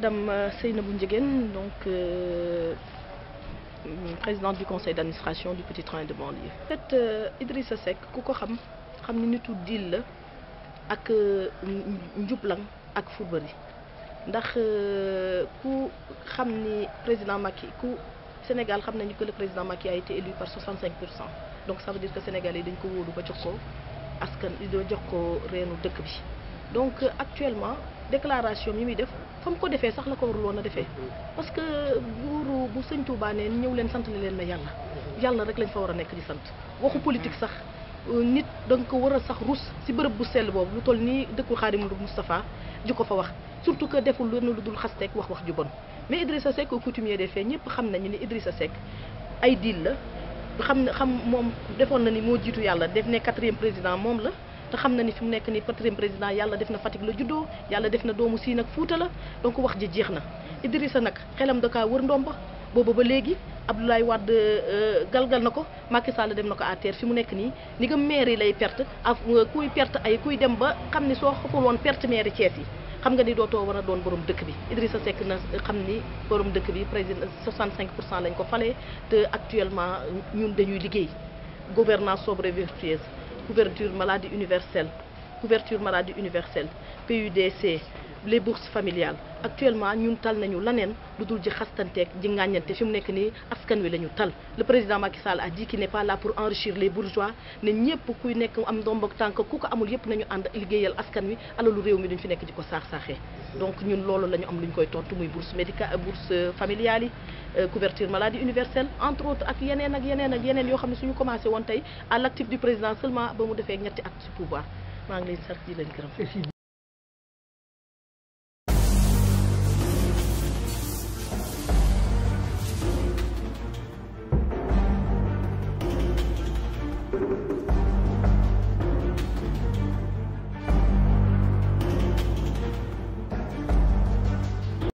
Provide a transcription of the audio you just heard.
Madame euh, Seynabou Ndiéguène donc euh, euh, présidente du conseil d'administration du petit train de banlieue. en fait euh, Idrissa Seck ku ko xam xam ni nitu dil la ak njublang ak fourberie ndax ku xam ni président Macky ku Sénégal xam nañu que le président Macky a été élu par 65 pour cent donc ça veut dire que Sénégalais dañ ko wóolu ba jox ko askan dañu jox ko reenu dëkk bi. donc actuellement déclaration mi muy def fa ko defee sax la ko war woon a defee parce que buuru bu sëñ tuubaanee ne ñëw leen sant leen ma yàlla yàlla rek lañ fa war a nekk di sant waxu politique sax nit da nga ko war a sax rus si bërëb bu sell boobu lu toll nii dëkku Xaadimu Moustapha ji ko fa wax surtout que deful lenn lu dul xasteeg wax wax ju bon mais Idrissa Seck coutumier des faits ñëpp xam nañu ni Idrissa Seck ay diil la xam ne xam moom defoon na ni moo jiitu yàlla def ne quatrième président moom la te xam na ni fi mu nekk nii quatrième président yàlla def na Fatick la juddoo yàlla def na doomu Siin ak Fuuta la donc wax ji jeex na Idrissa nag xelam da kaa wër ndomba booba ba léegi Abdoulaye Wade euh, galgal na ko Macky Sall dem na ko à fi mu nekk nii ni nga maire yi lay perte ak euh, kuy perte ay kuy dem ba xam ni soo xoful woon perte maire Thiès yi xam nga ni dootoo war doon borom dëkk bi Idrissa Seck na xam ni borom dëkk bi président 65 pour cent lañ ko falee actuellement ñun dañuy liggéey gouvernance sobre et vertueuse couverture maladie universelle couverture maladie universelle PUDC les bourses familiales actuellement ñun tal nañu laneen lu dul ji xastanteeg ji ngàññante fi mu nekk nii askan wi la ñu tal le président Macky Sall a dit qu'il n'est pas là pour enrichir les bourgeois ne ñëpp kuy nekk am ndombok tànk ku ko amul yëpp nañu ànd liggéeyal askan wi alalu réew mi duñ fi nekk di ko saax-saaxee donc ñun loolu la ñu am lu koy tontu muy bourse médicale euh, bourse euh, familiale yi euh, couverture maladie universelle entre autres ak yeneen ak yeneen ak yeneen yoo xam ne suñu commencé woon tey à l'actif du président seulement ba mu defee ñetti at ci pouvoir maa ngi leen sant di leen gërëm